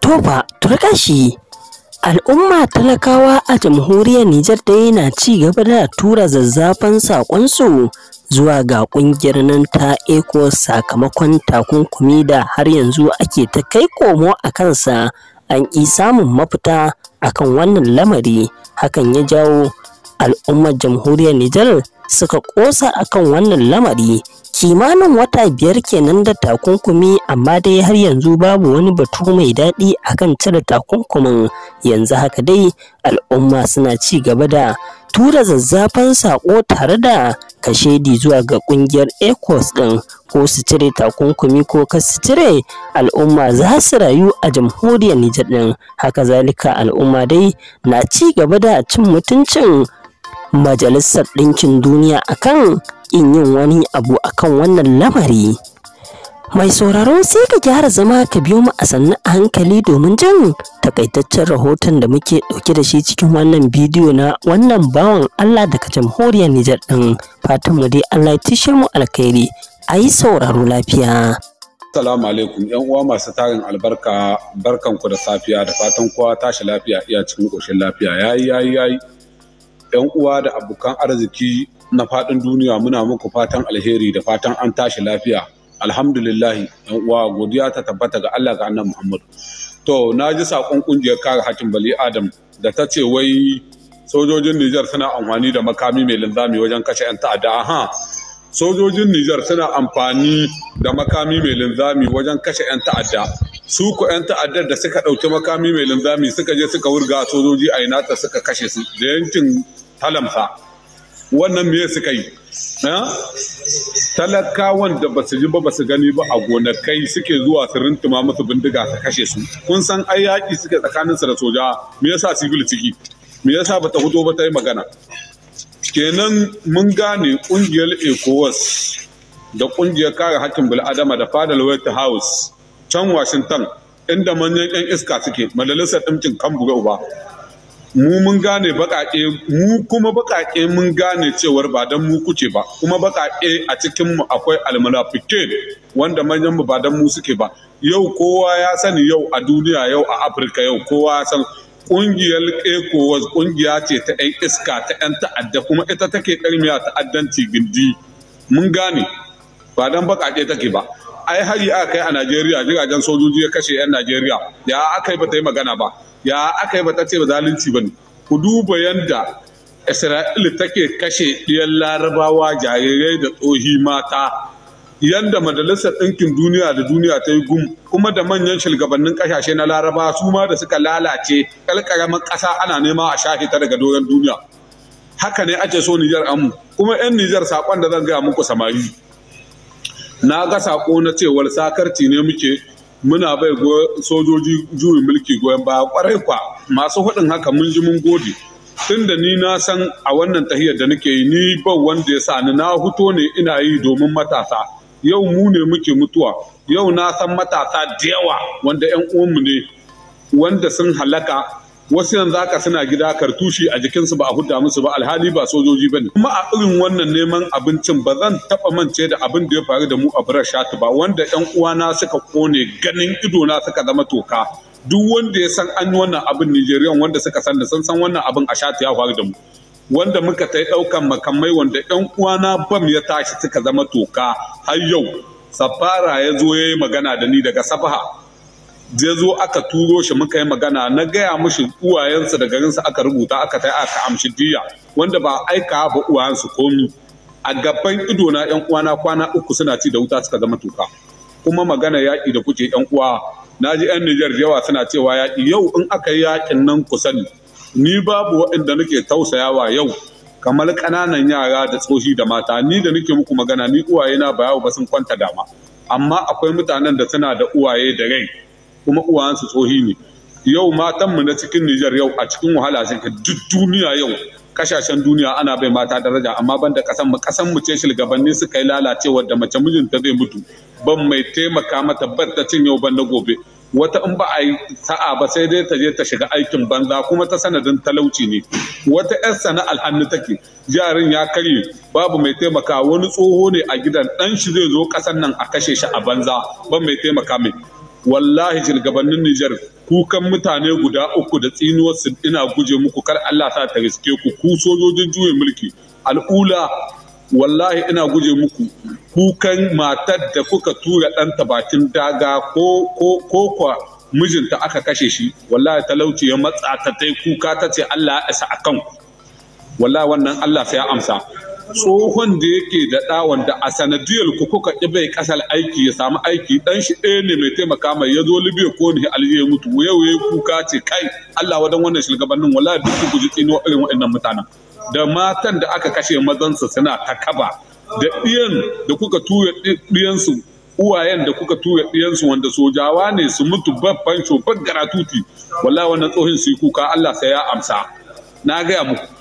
Tofa Turkashi Al'umma talakawa a jamhuriyar Nijar da yana ci gaba da tura zazzafan saƙonsu zuwa ga ƙungiyar nan ta eko sakamakon takunkumi da har yanzu ake ta kai komo a kansa an ƙi samun mafita akan wannan lamari hakan ya jawo al'ummar jamhuriyar Nijar suka ƙosa akan wannan lamari kimanin wata biyar kenan da takunkumi amma dai har yanzu babu wani batu mai daɗi akan cire takunkumin yanzu haka dai al'umma suna ci gaba da tura zazzafan saƙo tare da kashedi zuwa ga ƙungiyar ecos ɗin, ko su cire takunkumi ko ka su cire al'umma za su rayu a jamhuriyar nijar din haka zalika al'umma dai na ci gaba da cin mutuncin majalisar ɗinkin duniya akan in yin wani abu akan wannan lamari mai sauraro sai ka gyara zama ka biyo mu a sannu a hankali domin jin takaitaccen rahoton da muke ɗauke da shi cikin wannan bidiyo na wannan bawan allah daga jamhuriyar nijar ɗin fatan mu dai allah ya tishe mu alkhairi a yi sauraro lafiya Assalamu alaikum ‘yan uwa masu tarin albarka barkanku da safiya da fatan kowa tashi lafiya iya cikin ƙoshin lafiya yayi yayi yayi 'yan uwa da abokan arziki na faɗin duniya muna muku fatan alheri da fatan an tashi lafiya alhamdulillahi 'yan uwa godiya ta tabbata ga Allah ga annabi Muhammadu to na ji sakon kungiyar kare hakkin bali adam da ta ce wai sojojin Nijar suna amfani da makami mai linzami wajen kashe 'yan ta'adda aha sojojin Nijar suna amfani da makami mai linzami wajen kashe 'yan ta'adda su ku 'yan ta'addar da suka ɗauki makami mai linzami suka je suka wurga sojoji a inata suka kashe su da yankin talamsa wannan me suka yi talakawan da ba su ji ba ba su gani ba a gonakai suke zuwa su rintuma musu bindiga ta kashe su kun san ai yaƙi suke tsakanin su da soja me yasa civil ciki me yasa ba ta fito ba ta yi magana kenan mun gane ƙungiyar ecowas da ƙungiyar kare hakkin bil'adama da fadar white house can washington inda manyan 'yan iska suke majalisar ɗinkin kan buga uba mu mun gane baƙaƙe mu kuma baƙaƙe mun gane cewar ba dan mu kuke ba kuma baƙaƙe a cikin mu akwai almunafike wanda manyan mu ba dan mu suke ba yau kowa ya sani yau a duniya yau a Afirka yau kowa ya san ƙungiyar ECOWAS ƙungiya ce ta 'yan iska ta 'yan ta'adda kuma ita take a ta'addanci gindi mun gane ba dan baƙaƙe take ba ai hari aka kai a Najeriya jiragen sojoji ya kashe 'yan Najeriya ya aka yi bata yi magana ba ya aka yi bata ce ba zalunci ba ne ku duba yanda Isra'ila take kashe ɗiyan larabawa jarirai da tsohi mata yanda majalisar ɗinkin duniya da duniya ta yi gum kuma da manyan shugabannin ƙasashe na laraba su ma da suka lalace ƙalƙaramin ƙasa ana nema a shafe ta daga doron duniya haka ne ake so Nijar amu kuma 'yan Nijar saƙon da zan gaya muku samari na ga sako na cewar sakarci ne muke muna bai sojoji juyin mulki goyon baya kwarai kwa masu hudin haka mun ji mun gode Tun da ni na san a wannan tahiyar da nake yi ni ba wanda ya sa ni na huto ne ina yi domin matasa yau mu ne muke mutuwa yau na san matasa da yawa wanda 'yan uwanmu ne wanda sun halaka wasu yanzu haka suna gida kartushi a jikinsu ba a huta musu ba alhali ba sojoji ba ne kuma a irin wannan neman abincin ba zan taba mance da abin da ya faru da mu a birar shatu ba wanda yan uwana suka kone ganin idona suka zama toka duk wanda ya san an yi wannan abin nigerian wanda suka san da san wannan abin a shatu ya faru da mu wanda muka ta ɗaukan makamai wanda yan uwana bam ya tashi suka zama toka har yau safara ya zo ya yi magana da ni daga safaha zai zo aka turo shi muka yi magana na gaya mushi uwayensa da garinsa aka rubuta aka tai aka amshi jiya, wanda ba aika ba uwayensu komi a gaban ido na yan uwana kwana uku suna ci da wuta suka zama toka kuma magana yaƙi da kuke yan uwa na ji yan Nijar yawa suna cewa yaƙi yau in aka yi yaƙin nan ku sani ni babu waɗanda nake tausayawa yau kamar ƙananan yara da tsohi da mata ni da nake muku magana ni uwayena na ba yawo ba sun kwanta dama amma akwai mutanen da suna da uwaye da rai kuma uwansu tsohi ne yau matanmu na cikin Nijar yau a cikin wahala sai duk duniya yau kashashen duniya ana bai mata daraja amma banda kasan mu kasan mu ce shugabanni suka yi lalacewa da mace mijinta zai mutu ban mai taimaka mata bar cin yau ban na gobe wata in ba a yi sa'a ba sai dai ta je ta shiga aikin banza kuma ta sanadin talauci ne wata 'yar sana'ar hannu take jarin ya karye babu mai taimaka wani tsoho ne a gidan dan shi zai zo kasan nan a kashe shi a banza ban mai taimaka mai wallahi shugabannin Nijar kukan mutane guda uku da tsinuwarsu ina guje muku kar Allah sa ta riske ku ku sojojin juye mulki al'ula wallahi ina guje muku kukan matar da kuka tura ɗanta bakin daga ko ko kwa mijinta aka kashe shi wallahi talauci ya matsa ta kuka tace, ce Allah ya isa akan ku wallahi wannan Allah sai ya amsa tsohon da yake da ɗa wanda a sanadiyar ku kuka ƙi bai ƙasar aiki ya samu aiki ɗan shi ɗaya ne mai taimaka mai ya zo libya ko ne aliyu ya mutu yau kuka ce kai Allah wadan wannan shugabannin wala duk ku guji tsino irin waɗannan mutanen da matan da aka kashe mazansu suna ta kaba da ɗiyan da kuka tura ɗiyansu uwayen da kuka tura ɗiyansu wanda sojawa ne su mutu babban shofar garatuti wala wannan tsohon su yi kuka Allah sai ya amsa na gaya muku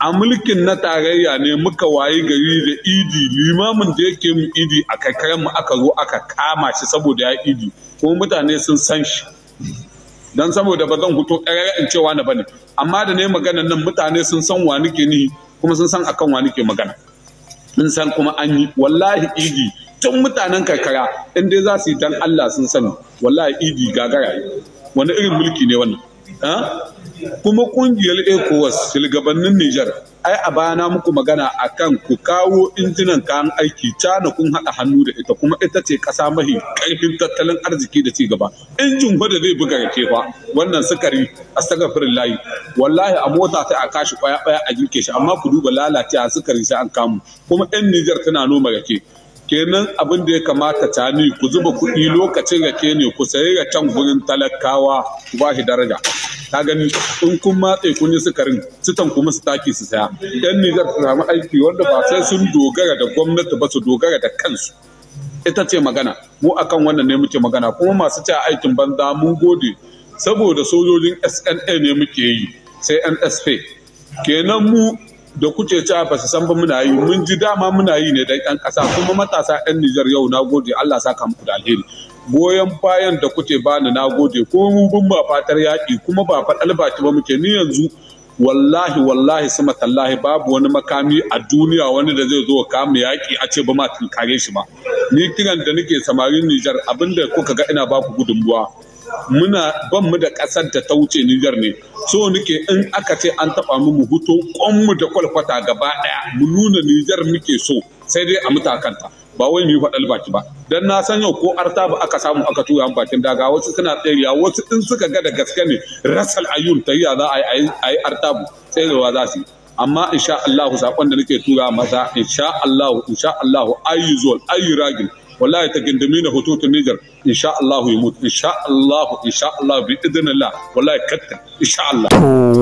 a mulkin na tarayya ne muka wayi gari da idi limamin da yake mu idi a kakaren mu aka zo aka kama shi saboda ya idi kuma mutane sun san shi don saboda ba zan huto in cewa na bane amma da ne maganan nan mutane sun san wa nake ni kuma sun san akan wa nake magana sun san kuma an yi wallahi idi tun mutanen karkara in dai za su yi dan Allah sun sani wallahi idi gagara wani irin mulki ne wannan kuma kungiyar ecowas shugabannin niger ai a bana muku magana a kan ku kawo injinan kayan aiki cana kun haɗa hannu da ita kuma ita ce ƙasa mahi ƙarfin tattalin arziki da cigaba. injin gwada zai buga rake fa wannan sukari a sagafirin layi wallahi a mota ta a kashi ƙwaya ƙwaya a jirke shi amma ku duba lalacewa sukari shi an kamu kuma 'yan niger tana noma rake kenan abin da ya kamata ni ku zuba kuɗi lokacin rake ne ku sayi raken gurin talakawa ku ba shi daraja ka gani in kun matse kun yi sukarin sitan kuma su taki su saya yan nijar su samu aiki wanda ba sai sun dogara da gwamnati ba su dogara da kansu ita ce magana mu akan wannan ne muke magana kuma masu ci aikin banza mun gode saboda sojojin sna ne muke yi sai nsp kenan mu da kuke ci a basu san ba muna yi mun ji dama muna yi ne dan yan kasa kuma matasa yan Nijar yau na gode Allah saka muku da alheri goyon bayan da kuke bani na gode ko mun bin ba fatar yaƙi kuma ba faɗal baki ba muke ni yanzu wallahi wallahi sama tallahi babu wani makami a duniya wani da zai zo kama yaƙi a ce ba ma tunkare shi ba ni kiran da nake samarin Nijar abinda kuka ga ina ba ku gudunmuwa muna ban mu da ƙasar da ta wuce Nijar ne so nake in aka ce an taɓa mu mu huto ƙon mu da kwalkwata gaba ɗaya mu nuna Nijar muke so sai dai a kanta. ba wai mu yi faɗal baki ba dan na san yau ko arta ba aka samu aka tura an bakin daga wasu suna tsariya wasu in suka ga da gaske ne rasal ayyun tayya za a yi a yi artabu da za su yi amma insha Allah sakon da nake tura maza insha Allah insha Allah ayyuzol ragin, wallahi ta gindimi na ta Nijar. insha Allah ya mutu insha Allah insha Allah bi idinillah wallahi katta insha Allah to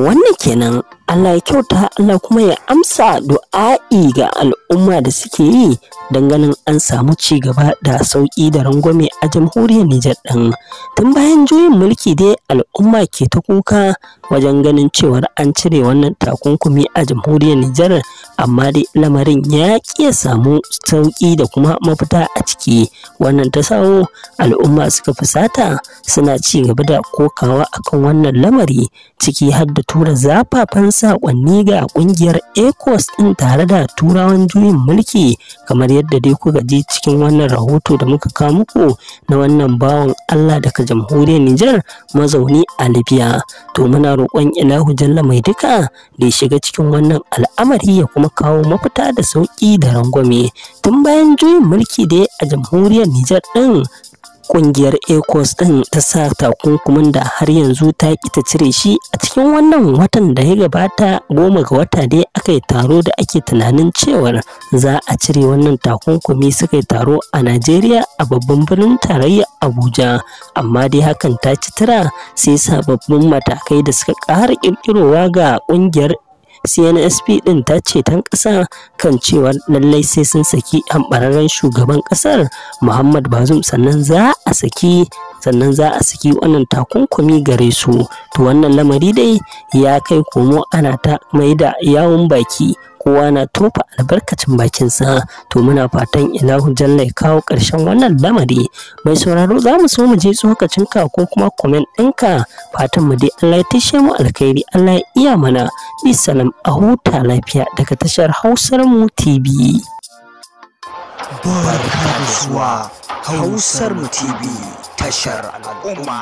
wannan kenan Allah ya kyauta Allah kuma ya amsa du'a'i ga al'umma da suke yi ganin an samu ci gaba da sauƙi da rangwame a jamhuriyar Nijar ɗin. Tun bayan juyin mulki dai al'umma ke ta kuka wajen ganin cewar an cire wannan takunkumi a jamhuriyar Nijar amma dai lamarin ya ƙi samu sauƙi da kuma mafita a ciki wannan ta sawo al'umma suka fusata suna ci gaba da kokawa akan wannan lamari ciki har da tura zafafan sakonni ga kungiyar ecos din tare da turawan juyin mulki kamar yadda dai kuka ji cikin wannan rahoto da muka kawo muku na wannan bawan allah daga jamhuriyar nijar mazauni a libya to muna roƙon ilahu jalla mai duka da ya shiga cikin wannan al'amari ya kuma kawo mafita da sauƙi da rangwame tun bayan juyin mulki da a jamhuriyar nijar din kungiyar ecos din ta sa takunkumin da har yanzu ta ki ta cire shi a cikin wannan watan da ya gabata goma ga wata dai aka yi taro da ake tunanin cewar za a cire wannan takunkumi suka yi taro a najeriya a babban birnin tarayya abuja amma dai hakan ta ci tara sai sababbin matakai da suka ƙara ƙirƙirowa ga kungiyar cnsp din ta ce tan ƙasa kan cewa lallai sai sun saki hambararren shugaban ƙasar muhammad bazum sannan za a saki sannan za a saki wannan takunkumi gare su to wannan lamari dai ya kai komo ana ta mai da yawun baki kowa na tofa albarkacin bakinsa to muna fatan ina jalla ya kawo ƙarshen wannan lamari mai sauraro za mu so mu je tsokacin ka ko kuma komen ɗinka fatan mu dai Allah ya tashe mu alkhairi Allah ya iya mana bisalam a huta lafiya daga tashar hausar mu tv barka da zuwa hausar mu tv tashar al'umma